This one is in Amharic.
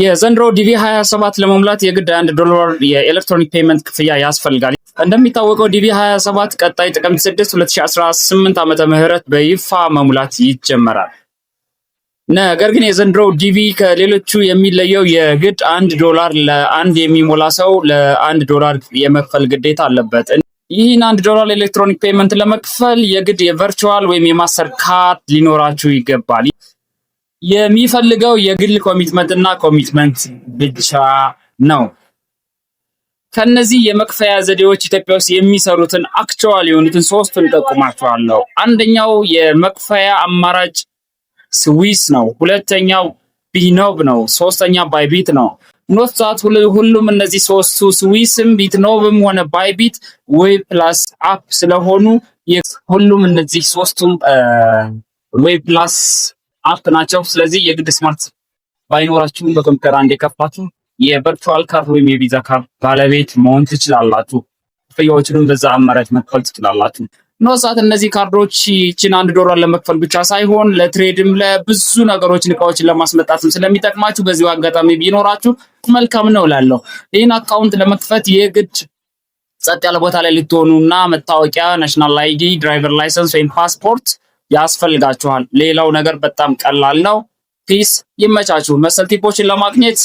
የዘንድሮ ዲቪ 27 ለመሙላት የግድ አንድ ዶላር የኤሌክትሮኒክ ፔመንት ክፍያ ያስፈልጋል። እንደሚታወቀው ዲቪ 27 ቀጣይ ጥቅምት 6 2018 ዓመተ ምህረት በይፋ መሙላት ይጀመራል። ነገር ግን የዘንድሮ ዲቪ ከሌሎቹ የሚለየው የግድ አንድ ዶላር ለአንድ የሚሞላ ሰው ለአንድ ዶላር የመክፈል ግዴታ አለበት። ይህን አንድ ዶላር ኤሌክትሮኒክ ፔመንት ለመክፈል የግድ የቨርቹዋል ወይም የማስተር ካርድ ሊኖራችሁ ይገባል። የሚፈልገው የግል ኮሚትመንት እና ኮሚትመንት ብቻ ነው። ከነዚህ የመክፈያ ዘዴዎች ኢትዮጵያ ውስጥ የሚሰሩትን አክቹዋል የሆኑትን ሶስቱን ጠቁማቸዋለሁ። አንደኛው የመክፈያ አማራጭ ስዊስ ነው። ሁለተኛው ቢኖብ ነው። ሶስተኛ ባይቢት ነው። ኖት ዛት ሁሉም እነዚህ ሶስቱ ስዊስም ቢትኖብም ሆነ ባይቢት ዌብ ፕላስ አፕ ስለሆኑ ሁሉም እነዚህ ሶስቱም ዌብ ፕላስ አፕ ናቸው። ስለዚህ የግድ ስማርት ባይኖራችሁም በኮምፒውተር አንድ የከፋችሁ የቨርቹዋል ካርድ ወይም የቪዛ ካርድ ባለቤት መሆን ትችላላችሁ። ክፍያዎችንም በዛ አማራጭ መክፈል ትችላላችሁ። ነው ሰዓት እነዚህ ካርዶች ቺን አንድ ዶላር ለመክፈል ብቻ ሳይሆን ለትሬድም ለብዙ ነገሮች እቃዎችን ለማስመጣትም ስለሚጠቅማችሁ በዚሁ አጋጣሚ ቢኖራችሁ መልካም ነው እላለሁ። ይህን አካውንት ለመክፈት የግድ ጸጥ ያለ ቦታ ላይ ልትሆኑ እና መታወቂያ፣ ናሽናል አይዲ፣ ድራይቨር ላይሰንስ ወይም ፓስፖርት ያስፈልጋችኋል። ሌላው ነገር በጣም ቀላል ነው። ፒስ ይመቻችሁ። መሰል ቲፖችን ለማግኘት